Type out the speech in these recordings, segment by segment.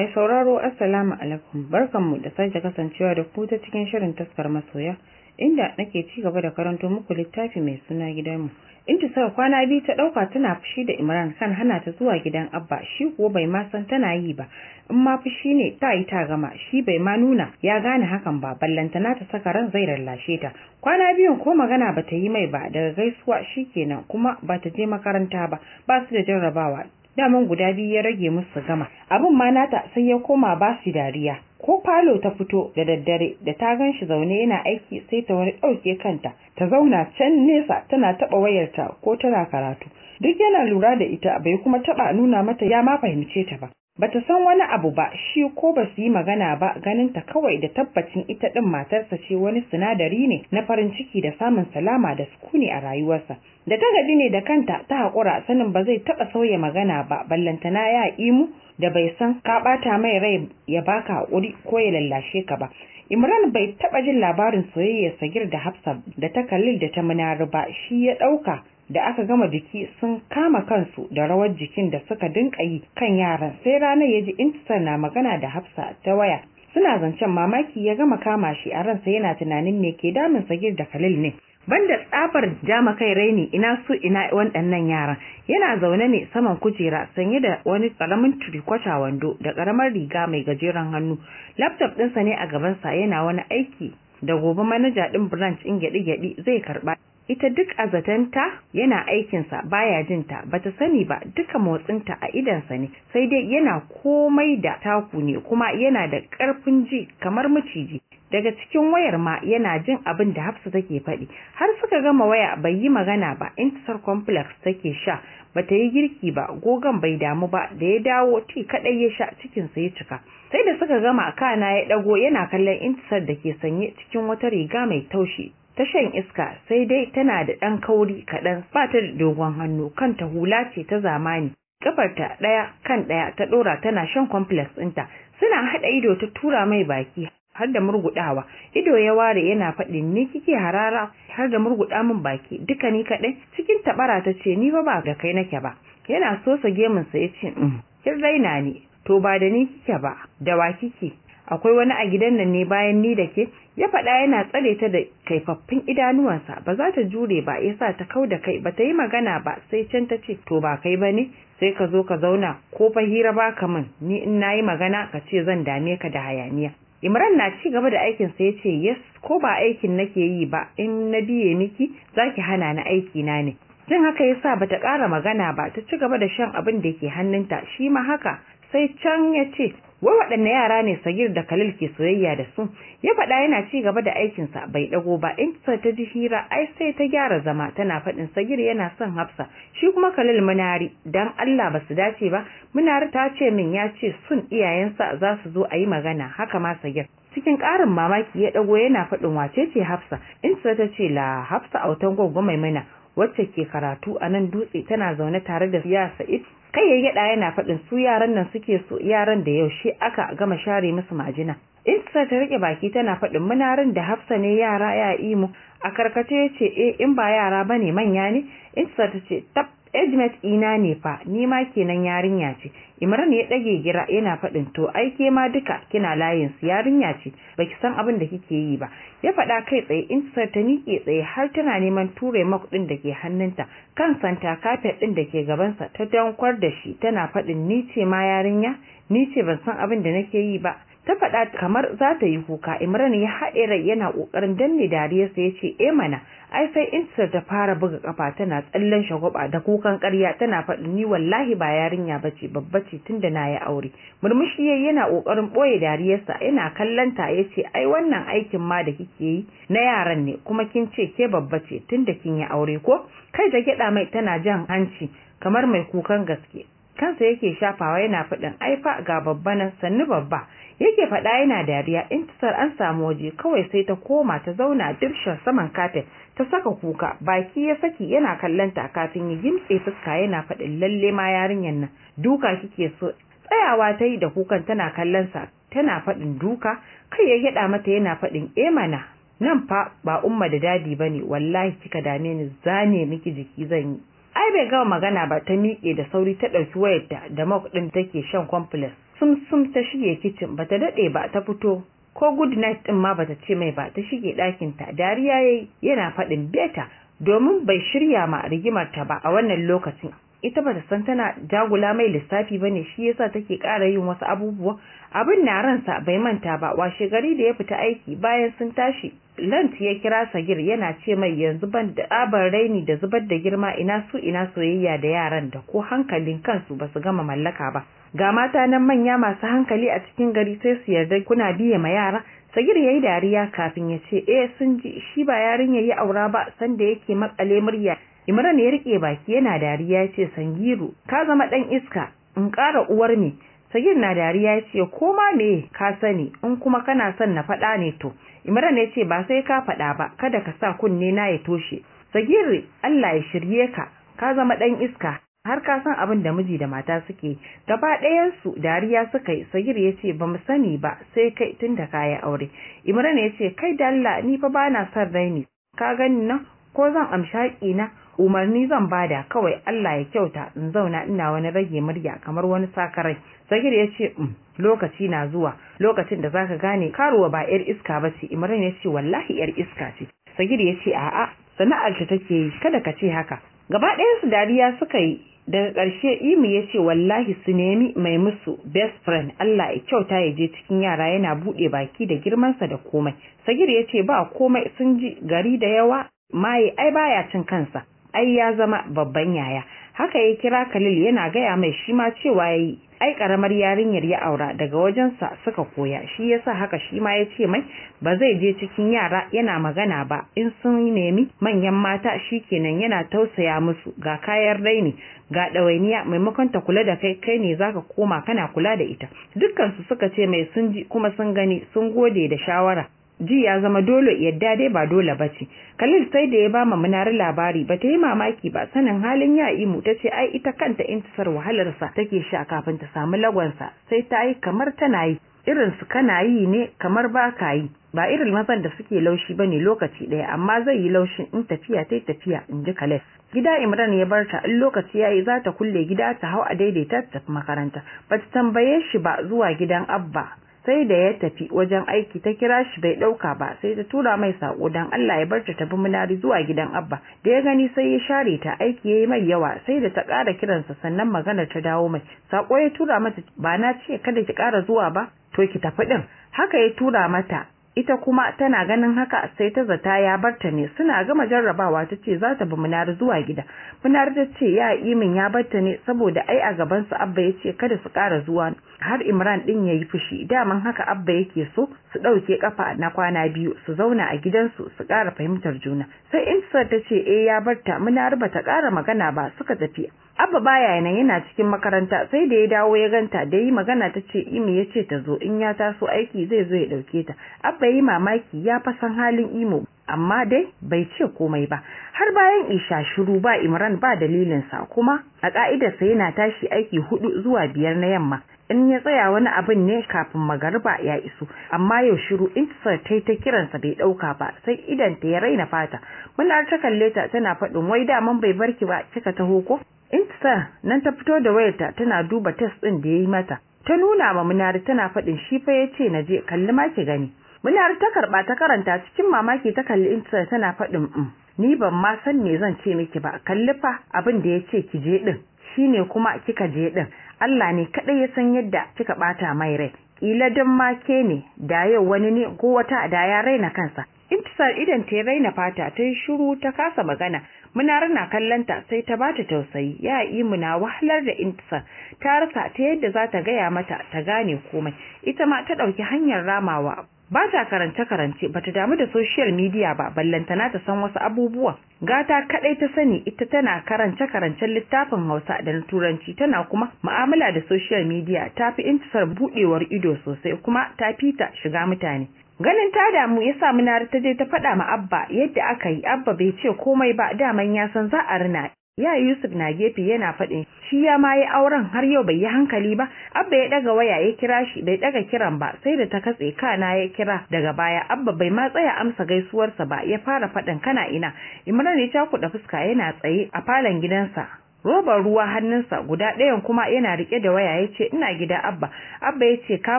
Mai sauraro Assalamu alaikum barkanmu da sake kasancewa da ku ta cikin shirin taskar masoya inda nake ci gaba da karanto muku littafi mai suna gidanmu. Inda sa kwana biyu ta ɗauka tana fushi da Imran kan hana ta zuwa gidan Abba shi kuwa bai ma san tana yi ba in ma fushi ne ta yi ta gama shi bai ma nuna ya gane hakan ba ballantana ta saka ran zai rallashe ta. Kwana biyun ko magana ba ta yi mai ba daga gaisuwa shi kenan kuma ba ta je makaranta ba ba su da jarrabawa daman guda biyu ya rage musu gama abin ma nata sai ya koma ba su dariya ko falo ta fito da daddare da ta gan shi zaune yana aiki sai ta wani ɗauke kanta ta zauna can nesa tana taɓa wayarta ko tana karatu duk yana lura da ita bai kuma taɓa nuna mata ya ma fahimce ta ba Bata san wani abu ba, shi ko ba su yi magana ba ganinta kawai da tabbacin ita ɗin matarsa ce wani sinadari ne na farin ciki da samun salama da sukuni a rayuwarsa. Da ta gaji ne da kanta ta haƙura sanin ba zai taɓa sauya magana ba, ballantana ya imu da bai san ka ɓata mai rai ya baka haƙuri ko ya lallashe ka ba. Imran bai taɓa jin labarin soyayyar Sagir da Hafsa da ta kallil da ta Munaru ba, shi ya ɗauka da aka gama jiki sun kama kansu da rawar jikin da suka dinka yi kan yaran sai ranar ya ji intisar na magana da hafsa ta waya suna zancen mamaki ya gama kama shi a ransa yana tunanin me ke damun sagir da kalil ne banda tsafar jama kai raini ina su ina waɗannan yaran yana zaune ne saman kujera sanye da wani karamin turikwata wando da karamar riga mai gajeren hannu laptop ɗinsa ne a gabansa yana wani aiki da gobe manaja ɗin branch in gyaɗi-gyaɗi zai karɓa ita duk azatanta yana aikinsa baya jinta bata sani ba duka motsinta a idansa ne sai dai yana komai da taku ne kuma yana da karfin ji kamar maciji daga cikin wayar ma yana jin abin da hafsa take faɗi har suka gama waya bai yi magana ba intisar complex take sha bata yi girki ba gogon bai damu ba da ya dawo ti kadai ya sha cikinsa ya cika sai da suka gama kana ya ɗago yana kallon intisar da ke sanye cikin wata riga mai taushi ta shan iska sai dai tana da ɗan kauri kaɗan ba ta da dogon hannu kan ta hula ce ta zamani Ƙafarta ɗaya kan ɗaya ta ɗora tana shan complex ɗinta suna haɗa ido ta tura mai baki har da murgudawa ido ya ware yana faɗin ni kike harara har da murguɗa min baki duka ni kaɗai cikin tabara ta ce ni fa ba da kai nake ba yana sosa gemunsa ya sa yace mm, kin raina ni to ba da ni kike ba da wa kike akwai wani a gidan nan ne bayan ni da ke ya faɗa yana tsare ta da kaifaffin idanuwansa ba za ta jure ba ya sa ta kau da kai ba ta yi magana ba sai can ta ce to ba kai ba ne sai ka zo ka zauna ko fa hira ba ka min ni in na yi magana ka ce zan dame ka da hayaniya Imran na ci gaba da aikin sa ce, yes ko ba aikin nake yi ba in na biye miki za ki hana ni aiki na ne jin haka yasa bata ƙara magana ba ta ci gaba da shan abin da ke hannunta shi ma haka sai can ya ce wai waɗanne yara ne sagir da khalil ke soyayya da su ya faɗa yana ci gaba da aikinsa bai ɗago ba in ta ji hira ai sai ta gyara zama tana faɗin sagir yana son hafsa shi kuma khalil munari dan allah ba su dace ba munari ta ce min ya ce sun iyayensa za su zo a yi magana haka ma sagir cikin ƙarin mamaki ya ɗago yana faɗin wace ce hafsa in ta ce la hafsa autan mai mana wacce ke karatu a nan dutse tana zaune tare da ya sa'id kai ya gyada yana faɗin su yaran nan suke so yaran da yaushe aka gama share musu majina Isra ta rike baki tana faɗin munarin da Hafsa ne yara ya imu a karkace ce eh in ba yara bane manya ne Isra ta ce tab Edmund ina ne fa ni ma kenan yarinya ce imran ya ɗage gira yana faɗin to ai ke ma duka kina layin yarinya ce baki san abin da kike yi ba ya faɗa kai tsaye in ta nike tsaye har tana neman ture ɗin da ke hannunta kan santa kafet ɗin da ke gabansa ta dankwar da shi tana faɗin ni ce ma yarinya ni ce ban san abin da nake yi ba ta faɗa kamar za ta yi kuka imran ya haɗe rai yana ƙoƙarin danne dariyarsa ya ce e mana ai sai intisar ta fara buga kafa tana tsallen shagwaba da kukan ƙarya tana faɗi ni wallahi ba yarinya bace babba ce tun da na yi aure murmushi yayi yana ƙoƙarin ɓoye dariyarsa yana kallanta ya ce ai wannan aikin ma da kike yi na yaran ne kuma kin ce ke babba ce tun da kin yi aure ko kai da gyaɗa mai tana jan hanci kamar mai kukan gaske kansa yake shafawa yana faɗin aifa ga babba nan sannu babba yake faɗa yana dariya in tasar an samu waje kawai sai ta koma ta zauna dirshan saman kafin ta saka kuka baki ya saki yana kallon ta kafin ya gimtse fuska yana faɗin lalle ma yarinyar nan duka kike so tsayawa ta yi da kukan tana kallon sa tana faɗin duka kai ya gyaɗa mata yana faɗin e mana nan fa ba umma da dadi ba ne wallahi kika dame ni zane miki jiki zan yi ai bai gama magana ba ta miƙe da sauri ta ɗauki wayarta da mok ɗin take shan complex sumsum ta shige kicin bata dade ba ta fito ko good night din ma bata ce mai ba ta shige ɗakin ta dariya yayi yana faɗin beta domin bai shirya ma rigimar ta ba a wannan lokacin ita bata san tana jagula mai lissafi bane shi yasa take ƙara yin wasu abubuwa abin na ransa bai manta ba washe gari da ya fita aiki bayan sun tashi lant ya kira sagir yana ce mai yanzu ban da abar raini da zubar da girma ina su ina soyayya da yaran da ko hankalin kansu ba su gama mallaka ba ga mata nan manya masu hankali a cikin gari sai su yarda kuna biye ma yara sagir ya yi dariya kafin ya ce eh sun ji shi ba yarinya ya aura ba sanda yake matsale murya imran ya rike baki yana dariya ya ce sangiru ka zama ɗan iska in ƙara uwar me sagir na dariya ya ce ko ma me ka sani in kuma kana son na faɗa ne to imran ya ce ba sai ka faɗa ba kada ka sa kunne na ya toshe sagir allah ya shirye ka ka zama ɗan iska har ka san abin da miji da mata suke gaba ɗayansu dariya suka yi sagir ya ce ba mu sani ba sai kai tunda da kaya aure imran ya ce kai da allah ni fa ba na son raini ka gani nan ko zan amshaƙi na umarni zan bada kawai Allah ya kyauta in zauna ina wani rage murya kamar wani sakarai sagir ya ce mm, lokaci na zuwa lokacin da zaka gane karuwa ba yar iska ba ce imran ya ce wallahi yar iska ce sagir ya ce a'a sana'arta ta take yi kada ka ce haka gaba ɗayan su dariya suka yi daga ƙarshe imi ya ce wallahi su nemi mai musu best friend Allah ya kyauta ya je cikin yara yana buɗe baki da girmansa da komai sagir ya ce ba komai sun ji gari da yawa maye ai baya cin kansa ai ya zama babban yaya haka ya kira Khalil yana gaya mai shi ma cewa yayi ai karamar yarinyar ya aura daga wajensa suka koya shi yasa haka shi ma ya ce mai ba zai je cikin yara yana magana ba in sun nemi manyan mata shi kenan yana tausaya musu ga kayan raini ga ɗawainiya maimakon ta kula da kai kai ne zaka koma kana kula da ita dukkansu suka ce mai sun ji kuma sun gani sun gode da shawara ji ya zama dole yadda dai ba dole ba ce khalil sai da ya ba ma munar labari ba ta yi mamaki ba sanin halin ya imu ta ce ai ita kanta intisar wahalarsa take sha kafin ta samu lagonsa sai ta yi kamar tana yi irin su kana yi ne kamar ba ka yi ba irin mazan da suke laushi ba ne lokaci ɗaya amma zai yi laushin in tafiya ta tafiya in ji kales gida imran ya barta in lokaci ya yi za ta kulle gida ta hau a daidaita ta tafi makaranta ba ta tambaye shi ba zuwa gidan abba sai da ya tafi wajen aiki ta kira shi bai ɗauka ba sai ta tura mai sako dan Allah ya barta ta bi munari zuwa gidan abba da ya gani sai ya share ta aiki yayi mai yawa sai da ta ƙara kiransa sannan magana ta dawo mai sako ya tura mata ba na ce kada ki ƙara zuwa ba to ki tafi ɗin haka ya tura mata ita kuma tana ganin haka sai ta zata ya barta ne suna gama jarrabawa ta ce za ta bi munar zuwa gida munar ta ce ya imin ya barta ne saboda ai a gaban su abba ya ce kada su ƙara zuwa har imran din ya yi fushi daman haka abba yake so su ɗauke ƙafa na kwana biyu su zauna a gidansu su ƙara fahimtar juna sai insa ta ce eh ya barta munar ba ta ƙara magana ba suka tafi abba baya nan yana cikin makaranta sai da ya dawo ya ganta da yi magana ta ce imi ya ce ta zo in ya taso aiki zai zo ya ɗauke ta abba yi mamaki ya fasan halin imo amma dai bai ce komai ba har bayan isha shiru ba imran ba dalilinsa kuma a ƙa'idarsa, yana tashi aiki hudu zuwa biyar na yamma in ya tsaya wani abin ne kafin maGarba ya iso amma yau shiru intisar ta ta kiransa bai ɗauka ba sai ta ya raina fata Mun ta kalle ta tana faɗin wai daman bai barki ba kika taho ko intisa nan ta fito da wayarta tana duba test ɗin da ya yi mata ta nuna ma munari tana faɗin shi fa yace na je kalli ma ki gani munari ta karɓa ta karanta cikin mamaki ta kalli intisa tana faɗin um ni ban ma san me zan ce miki ba kalli fa abin da yace ki je ɗin, shi ne kuma kika je ɗin. Allah ne kaɗai ya san yadda kika ɓata mai rai ƙila dan ma ke ne da yau wani ne ko wata da ya raina kansa intisar idan ta raina fata ta yi shiru ta kasa magana Muna na kallanta sai ta bata tausayi ya yi muna wahalar da intsa ta rasa ta yadda za ta gaya mata ta gane komai ita ma ta ɗauki hanyar ramawa ba ta karance-karance ba ta damu da social media ba ballantana ta san wasu abubuwa gata kadai ta sani ita tana karance-karancen littafin hausa da na turanci tana kuma ma'amala da social media ta fi intisar budewar ido sosai kuma ta fita shiga mutane ganin ta damu ya sa munari ta je ta faɗa ma abba yadda aka yi abba bai ce komai ba daman ya san za a rina ya Yusuf na gefe yana faɗin shi ya ma yi auren har yau bai yi hankali ba abba ya ɗaga waya ya kira shi bai ɗaga kiran ba sai da ta katse kana ya kira daga baya abba bai ma tsaya amsa gaisuwarsa ba ya fara faɗin kana ina Imran ya cakuɗa fuska yana tsaye a falon gidansa roban ruwa hannunsa guda ɗayan kuma yana rike da waya ya ce ina gida abba abba ya ce ka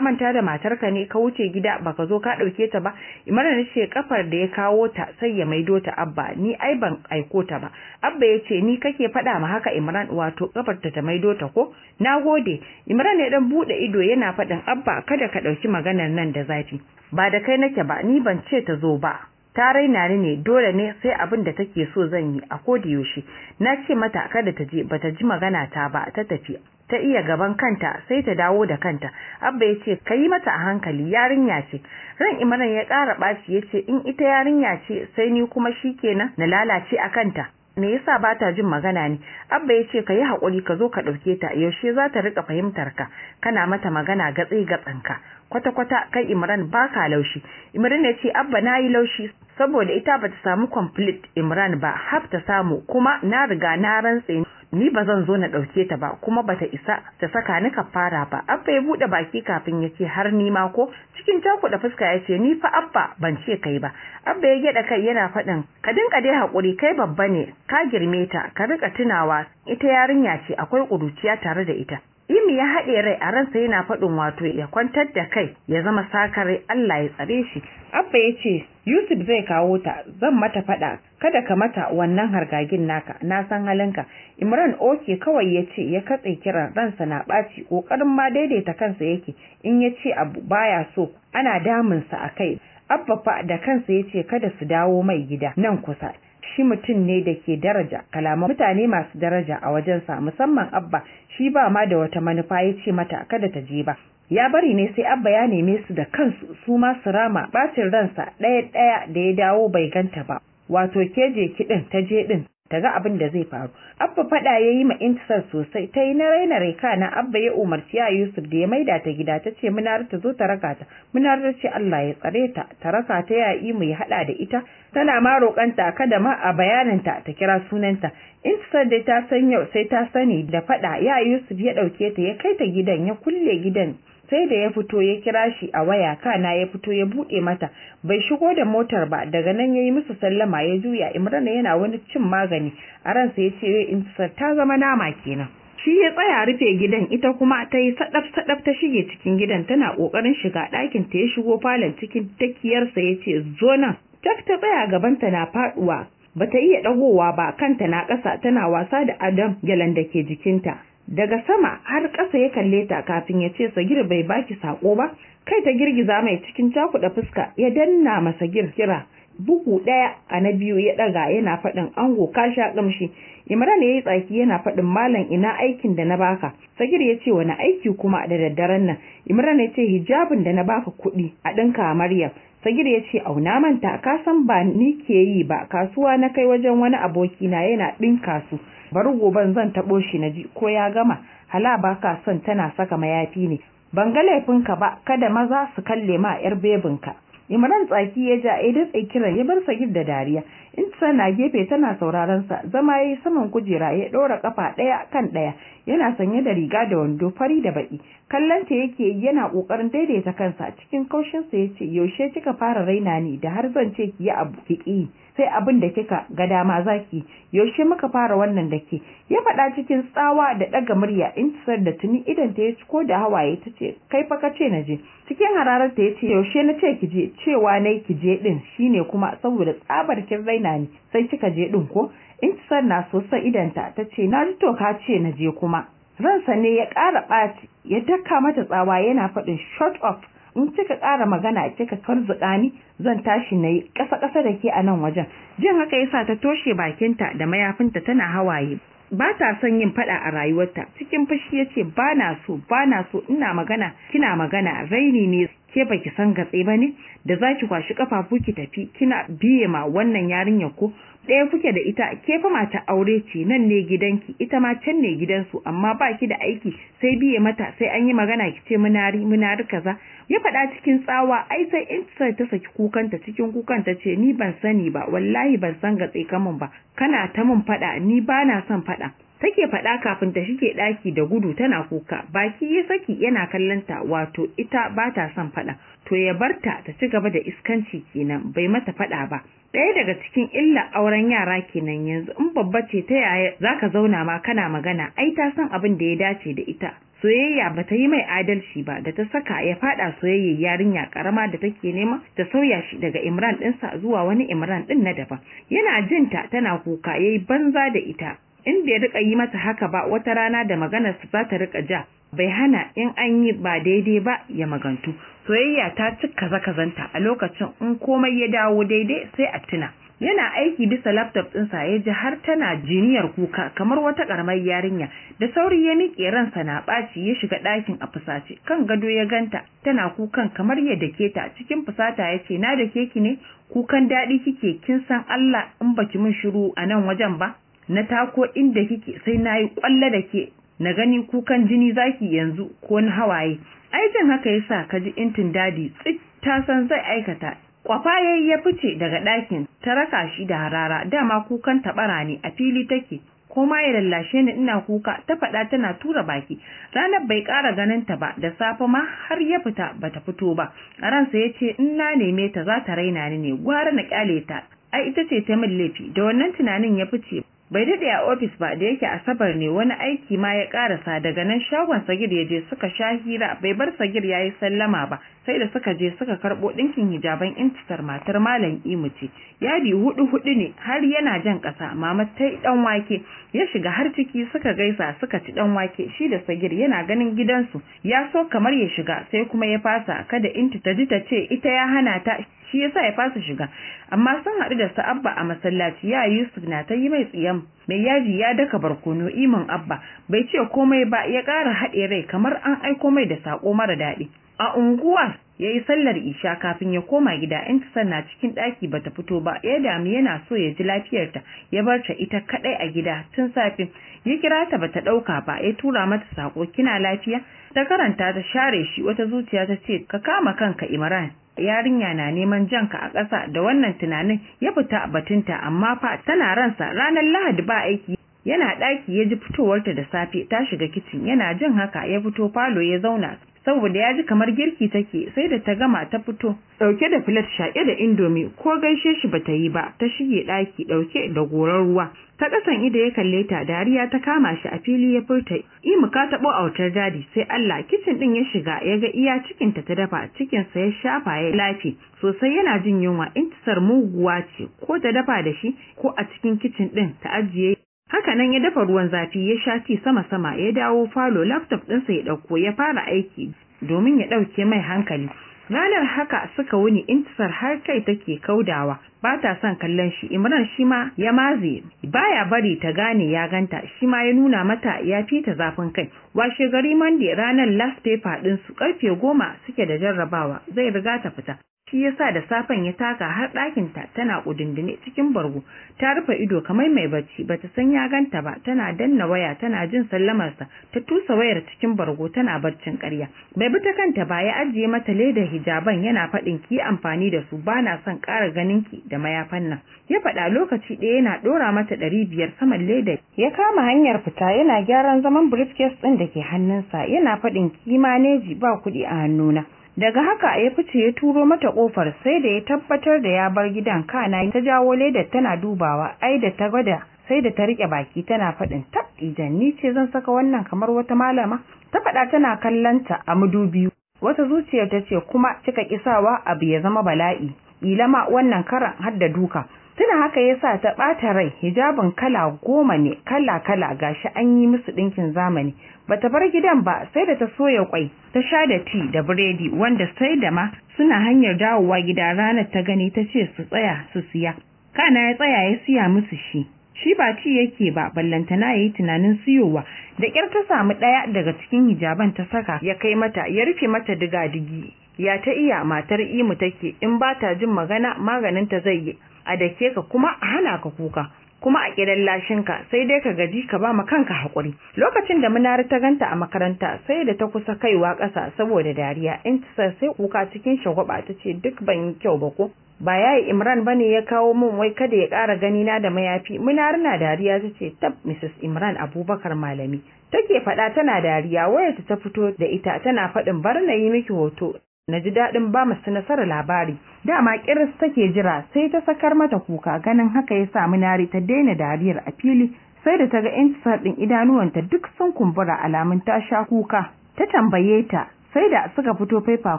manta da matarka ne ka wuce gida ba ka zo ka ɗauke ta ba imar na ce kafar da ya kawo ta sai ya maido ta abba ni ai ban aiko ta ba abba ya ce ni kake faɗa ma haka imran wato kafar ta ta maido ta ko na gode imran ya ɗan buɗe ido yana faɗin abba kada ka ɗauki maganar nan da zafi ba da kai nake ba ni ban ce ta zo ba ta raina ni ne dole ne sai abin da take so zan yi a koda yaushe na ce mata kada ta je bata ji magana ta ba ta tafi ta iya gaban kanta sai ta dawo da kanta abba ya ce ka yi mata a hankali yarinya ce ran imran ya kara ɓaci ya ce in ita yarinya ce sai ni kuma shi kenan na lalace a kanta me yasa ba ta jin magana ne abba ya ce ka yi haƙuri ka zo ka ɗauke ta yaushe za ta riƙa fahimtar ka kana mata magana gatsi gatsanka kwata-kwata kai Imran ba ka laushi. Imran ya ce abba na yi laushi saboda ita bata samu complete Imran ba har ta samu kuma na riga na rantse ni ba zan zo na ɗauke ta ba kuma bata isa ta saka ni ka fara ba abba ya buɗe baki kafin ya ce har ni ma ko cikin takuda fuska ya ce ni fa abba ban ce kai ba abba ya gyaɗa kai yana faɗin ka dinka dai haƙuri kai babba ne ka girme ta ka rika tunawa ita yarinya ce akwai ƙuruciya tare da ita Imi ya haɗe rai a ransa yana faɗin wato ya kwantar da kai ya zama sakare Allah ya tsare shi. Abba ya ce Yusuf zai kawo ta zan mata faɗa kada ka mata wannan hargagin naka na san halinka. Imran oke kawai ya ce ya katse kiran ransa na ɓaci ƙoƙarin ma daidaita kansa yake in ya ce abu baya so ana damunsa a kai. Abba fa da kansa ya ce kada su dawo mai gida nan kusa. shi mutum ne da ke daraja kalaman mutane masu daraja a wajensa musamman abba shi ba ma da wata manufa ya ce mata kada ta je ba ya bari ne sai abba ya neme su da kansu su ma su rama bacin ransa ɗaya ɗaya da ya dawo bai ganta ba wato keje kiɗin ta je ɗin ta ga abin da zai faru abba faɗa ya yi ma intisar sosai ta yi na raina rai kana abba ya umarci ya yusuf da ya maida ta gida ta ce munar ta zo ta raka ta munar ce allah ya tsare ta ta raka ta ya yi mu ya hada da ita tana ma roƙanta kada ma a bayaninta ta kira sunanta intisar da ta san yau sai ta sani da faɗa ya yusuf ya ɗauke ta ya kai ta gidan ya kulle gidan sai da ya fito ya kira shi a waya kana ya fito ya buɗe mata bai shigo da motar ba daga nan ya yi musu sallama ya juya imrana yana wani cin magani a ransa ya ce eh, intisar ta zama nama kenan shi ya tsaya rufe gidan ita kuma ta yi sadaf sadaf ta shige cikin gidan tana kokarin shiga ɗakin ta ya shigo falon cikin takiyarsa ya ce zo nan tak ta tsaya gabanta na faduwa bata iya dagowa ba kanta na ƙasa tana wasa da adam gyalan da ke jikinta daga sama har ƙasa ya kalle ta kafin ya ce sagir bai baki sako ba kai ta girgiza mai cikin cakuɗa fuska ya danna masa girgira bugu ɗaya a na biyu ya ɗaga yana faɗin ango ka sha ƙamshi imran ya yi tsaki yana faɗin malam ina aikin da na baka sagir ya ce wani aiki kuma da daddaren nan imran ya ce hijabin da na baka kuɗi a ɗinka maryam sagir ya ce auna manta ka san ba ni ke yi ba kasuwa na kai wajen wani abokina yana ɗinka su bari goben zan taɓo shi na ji ko ya gama hala ba ka son tana saka mayafi ne ban ga laifinka ba kada maza su kalle ma yar bebinka imran tsaki ya ja ya datse kiran ya bar sa da dariya in na gefe tana sauraron sa zama yayi saman kujera ya ɗora kafa ɗaya kan ɗaya yana sanye da riga da wando fari da baki kallanta yake yana kokarin daidaita kansa cikin kaushin sa yace yaushe kika fara raina ni da har zan ce ki yi abu ki sai abin da kika ga dama zaki yaushe muka fara wannan da ke ya faɗa cikin tsawa da ɗaga murya in tsar da tuni idan ta yi ko da hawaye ta ce kai fa ka ce na je cikin hararar ta ya ce yaushe na ce ki je cewa na ki je din shine kuma saboda tsabar kin raina ni sai kika je din ko in tsar na so sa idanta ta ce na ji to ka ce na je kuma ransa ne ya ƙara ɓaci ya daka mata tsawa yana faɗin shot off. in kika ƙara magana kika karzuka ni zan tashi nayi ƙasa ƙasa da ke a nan wajen jin haka yasa ta toshe bakinta da mayafinta tana hawaye ba ta son yin faɗa a rayuwarta cikin fushi yace ba na so ba na so ina magana kina magana raini ne ke baki san gatse ba ne da zaki kwashi ƙafafu ki tafi kina biye ma wannan yarinyar ko ɗaya kuke da ita ke fa mata aure ce nan ne gidanki ita ma can ne gidansu amma ba ki da aiki sai biye mata sai an yi magana ki ce munari munari kaza ya faɗa cikin tsawa ai sai insa ta saki kukanta cikin kukanta ce ni ban sani ba wallahi ban san ga min ba kana ta mun faɗa ni ba na son faɗa take faɗa kafin ta shige ɗaki da gudu tana kuka baki ya saki yana kallonta wato ita ba ta son faɗa to ya barta ta ci gaba da iskanci kenan bai mata faɗa ba ɗaya daga cikin illa auren yara kenan yanzu in babba ce ta yaya zaka zauna ma kana magana ai ta san abin da ya dace da ita soyayya ba ta yi mai adalci ba da ta saka ya faɗa soyayyar yarinya karama da take nema ta sauya shi daga Imran ɗinsa zuwa wani Imran ɗin na daban yana jinta tana kuka yayi banza da ita in ya rika yi masa haka ba wata rana da maganar su za ta rika ja bai hana in an yi ba daidai ba ya magantu soyayya ta cika zakazanta a lokacin in komai ya dawo daidai sai a tuna yana aiki bisa laptop ɗinsa ya ji har tana jiniyar kuka kamar wata karamar yarinya da sauri ya miƙe ransa na ɓaci ya shiga ɗakin a fusace kan gado ya ganta tana kukan kamar ya dake ta cikin fusata ya ce na dake ki ne kukan daɗi kike kin san Allah in baki min shiru a nan wajen ba na tako inda kike sai na yi kwalla da ke na gani kukan jini zaki yanzu ko na hawaye aikin haka ya sa ka ji intin dadi tsit ta san zai aikata kwafa yayi ya fice daga ɗakin ta raka shi da harara dama kukan taɓara ne a fili take koma ya lallashe ni ina kuka ta faɗa tana tura baki ranar bai ƙara ganin ta ba da safe ma har ya fita bata fito ba a ransa ya ce in na neme ta za ta raina ni ne gwara na ƙyale ta ai ita ce ta min laifi da wannan tunanin ya fice bai daɗe a ofis ba da yake asabar ne wani aiki ma ya karasa daga nan shagon sagir ya je suka sha hira bai bar sagir ya yi sallama ba sai da suka je suka karɓo ɗinkin hijaban intisar matar malam imuci yadi hudu hudu ne har yana jan ƙasa mama ta yi ɗan wake ya shiga har ciki suka gaisa suka ci ɗan wake shi da sagir yana ganin gidansu ya so kamar ya shiga sai kuma ya fasa kada inti ta ji ta ce ita ya hana ta shi yasa ya fasa shiga amma sun haɗu da su abba a masallaci ya yusuf na ta yi mai tsiyan mai yaji ya daka barkono iman abba bai ce komai ba ya ƙara haɗe rai kamar an aiko mai da saƙo mara daɗi a unguwa ya yi sallar isha kafin ya koma gida In ta na cikin ɗaki bata fito ba ya dami yana so ya ji lafiyarta ya bar ta ita kaɗai a gida tun safe ya kira ta bata ɗauka ba ya tura mata saƙo kina lafiya ta karanta ta share shi wata zuciya ta ce ka kama kanka imran yarinya na neman janka a ƙasa da wannan tunanin ya fita a batunta amma fa tana ransa ranar lahadi ba aiki yana ɗaki ya ji fitowarta da safe ta shiga kicin yana jin haka ya fito falo ya zauna saboda ya ji kamar girki take sai da ta gama ta fito dauke da filet shaƙe da indomi ko gaishe shi ba ta yi ba ta shige ɗaki dauke da gorar ruwa ta ƙasan ido ya kalle ta dariya ta kama shi a fili ya furta imu ka taɓo a wutar dadi sai Allah kicin ɗin ya shiga ya ga iya cikin ta ta dafa cikin sa ya shafa ya lafi sosai yana jin yunwa intisar muguwa ce ko ta dafa da shi ko a cikin kicin ɗin ta ajiye haka nan ya dafa ruwan zafi ya sha ci sama-sama ya dawo falo laptop ɗinsa ya ɗauko ya fara aiki domin ya ɗauke mai hankali ranar haka suka wuni intisar har kai take kaudawa ba ta son kallon shi imran shi ma ya maze baya bari ta gane ya ganta shi ma ya nuna mata ya fita zafin kai washe gari monday ranar last paper su karfe goma suke da jarrabawa zai riga ta fita shi yasa da safen ya taka har ɗakin ta tana kudindine cikin bargo ta rufe ido kamar mai bacci bata san ya ganta ba tana danna waya tana jin sallamar sa. ta tusa wayar cikin bargo tana barcin ƙarya bai bi ta kanta ba ya ajiye mata leda hijaban yana faɗin ki amfani da su Ba na son ƙara ganin ki da mayafan nan ya faɗa lokaci ɗaya yana ɗora mata ɗari biyar saman leda ya kama hanyar fita yana gyaran zaman briefcase ɗin da ke hannunsa yana faɗin kimaneji ba kuɗi a hannuna daga haka ya fice ya turo mata kofar sai da ya tabbatar da ya bar gidan kana ta jawo leda tana dubawa ai da ta gwada sai da ta rike baki tana faɗin ta idan ni ce zan saka wannan kamar wata malama ta faɗa tana kallanta a madubi wata zuciyar ta ce kuma kika kisawa abu ya zama bala'i ilama wannan karan har da duka tuna haka yasa ta ɓata rai hijabin kala goma ne kala kala ga shi an yi musu ɗinkin zamani bata bar gidan ba sai da ta soya kwai ta sha da ti da biredi wanda sai da ma suna hanyar dawowa gida ranar ta gani ta ce su tsaya su siya kana ya tsaya ya siya musu shi shi ba ci yake ba ballantana yayi tunanin siyowa da kyar ta samu ɗaya daga cikin hijaban ta saka ya kai mata ya rufe mata diga digi ya ta iya matar imu take in ba ta jin magana maganin ta zai yi a dake ka kuma a hana ka kuka kuma a kidan lashinka sai dai ka gaji ka ba ma kanka hakuri lokacin da munari ta ganta a makaranta sai da ta kusa kaiwa ƙasa saboda dariya in ta sai kuka cikin shagwaba ta ce duk ban yi kyau ba ko ba yayi Imran bane ya kawo min wai kada ya ƙara gani na da mayafi Munari na dariya ta ce, tab Mrs Imran Abubakar malami take faɗa tana dariya wayarta ta fito da ita tana faɗin bar na yi miki hoto na ji daɗin ba su nasara labari dama ƙiris take jira sai ta sakar mata kuka ganin haka ya samu nari ta daina dariyar a fili sai da ta ga intisar ɗin idanuwanta duk sun kumbura alamun ta sha kuka ta tambaye ta sai da suka fito paper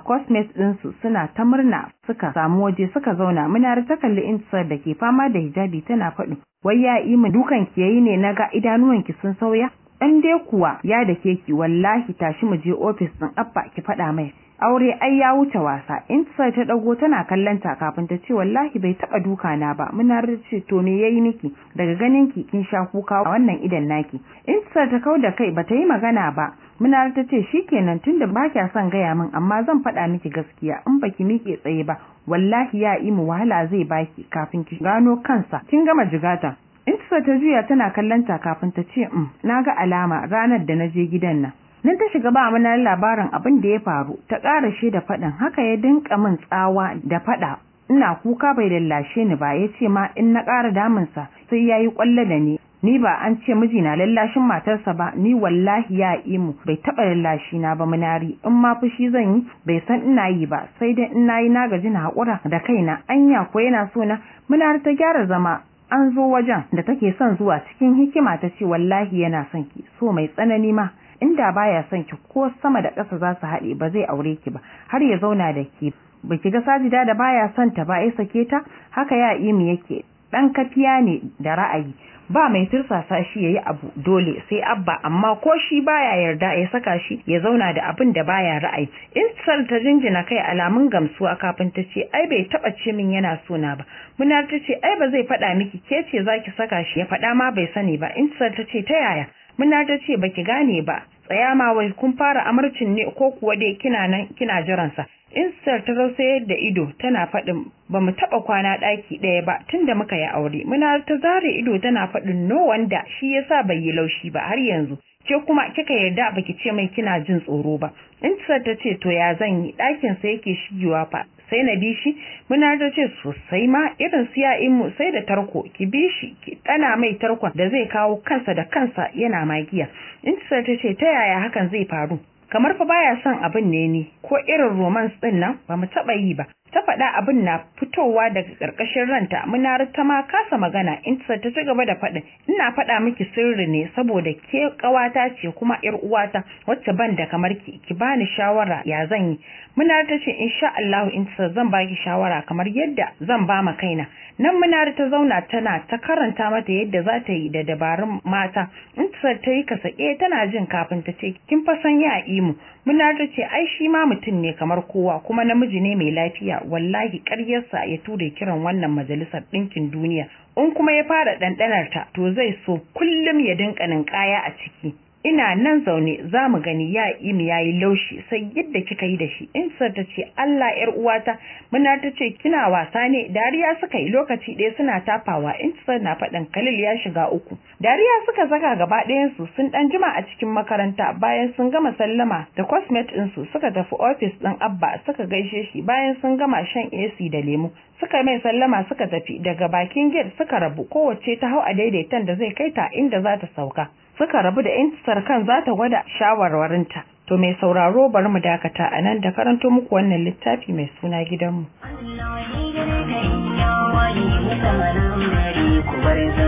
cosmetics ɗinsu suna ta murna suka samu waje suka zauna munari ta kalli intisar da ke fama da hijabi tana faɗi wai ya yi min dukan ki yayi ne na ga idanuwanki sun sauya dan dai kuwa ya da ki, wallahi tashi mu je ofis ɗin abba ki faɗa mai aure ai ya wuce wasa intisar ta dago tana kallon ta kafin ta ce wallahi bai taba duka na ba muna ce to me yayi miki daga ganin ki kin sha kuka a wannan idan naki in intisar ta kauda kai bata yi magana ba muna ta ce shikenan tunda ba kya son gaya min amma zan faɗa miki gaskiya in baki miƙe tsaye ba wallahi ya imu wahala zai baki kafin ki gano kansa kin gama jigata intisar ta juya tana kallon ta kafin ta ce mm, Na ga alama ranar da na je gidan nan nan ta shiga ba mana labarin abin da ya faru ta ƙara shi da faɗin haka ya dinka min tsawa da faɗa ina kuka bai lallashe ni ba ya ce ma in na ƙara damunsa sai ya yi ƙwallo da ni ni ba an ce mijina lallashin matarsa ba ni wallahi ya imu bai taɓa lallashi na ba munari in ma fushi zan yi bai san ina yi ba sai dai in yi na gaji na haƙura da kaina anya ko yana so na munari ta gyara zama an zo wajen da take son zuwa cikin hikima ta ce wallahi yana son ki so mai tsanani ma inda baya son ki ko sama da ƙasa za su haɗe ba zai aure ki ba har ya zauna da ki ba ki ga sajida da baya son ta ba ya sake ta haka ya mu yake ɗan kafiya ne da ra'ayi ba mai tursasa shi yayi abu dole sai abba amma ko shi baya yarda ya saka shi ya zauna da abin da baya ra'ayi sal ta jinjina kai alamun gamsuwa kafin ta ce ai bai taba ce min yana suna ba munar ta ce ai ba zai faɗa miki ke ce zaki saka shi ya faɗa ma bai sani ba sal ta ce ta yaya muna ta ce baki gane ba tsaya ma wai kun fara amarcin ne ko kuwa dai kina nan kina jiransa instar ta sayar da ido tana faɗin ba mu taɓa kwana ɗaki ɗaya ba tun da muka yi aure muna ta zare ido tana faɗin no wanda shi yasa bai yi laushi ba har yanzu ke kuma kika yarda baki ce mai kina jin tsoro ba in ta ce to ya zan yi ɗakinsa yake shigewa fa sai na bi shi muna da ce sosai ma irin su yayin mu sai da tarko ki bi shi ki dana mai tarkon da zai kawo kansa da kansa yana magiya intisar ta ce ta yaya hakan zai faru kamar fa baya son abin ne ni ko irin romance din nan ba mu taba yi ba ta faɗa abin na fitowa daga ƙarƙashin ranta munarar ta ma kasa magana in ta ci gaba da faɗin ina faɗa miki sirri ne saboda ke ƙawata ce kuma 'yar uwata wacce ban da kamar ki ki bani shawara ya zan yi munarar ta ce insha Allah insa zan baki shawara kamar yadda zan ba ma kaina nan munarar ta zauna tana ta karanta mata yadda za ta yi da dabarun mata in ta yi kasake tana jin kafin ta ce kin fa san ya imu muna ta ce ai shi ma mutum ne kamar kowa kuma namiji ne mai lafiya wallahi karyarsa ya tura kiran wannan majalisar ɗinkin duniya in kuma ya fara ɗanɗanarta to zai so kullum ya dinka ninkaya a ciki ina nan zaune za mu gani ya imi ya yi laushi sai yadda kika yi da shi insar ta ce allah yar uwata muna ta ce kina wasa ne dariya suka yi lokaci ɗaya suna tafawa insar na faɗin kalil ya shiga uku dariya suka zaga gaba ɗayansu sun ɗan jima a cikin makaranta bayan sun gama sallama da cosmet ɗinsu suka tafi ofis ɗin abba suka gaishe shi bayan sun gama shan ac da lemu suka mai sallama suka tafi daga bakin gate suka rabu kowace ta hau a daidaitan da zai kai ta inda za ta sauka suka rabu da intisar kan za ta gwada shawarwarinta to mai sauraro bari mu dakata a nan da karanto muku wannan littafi mai suna gidanmu. Allah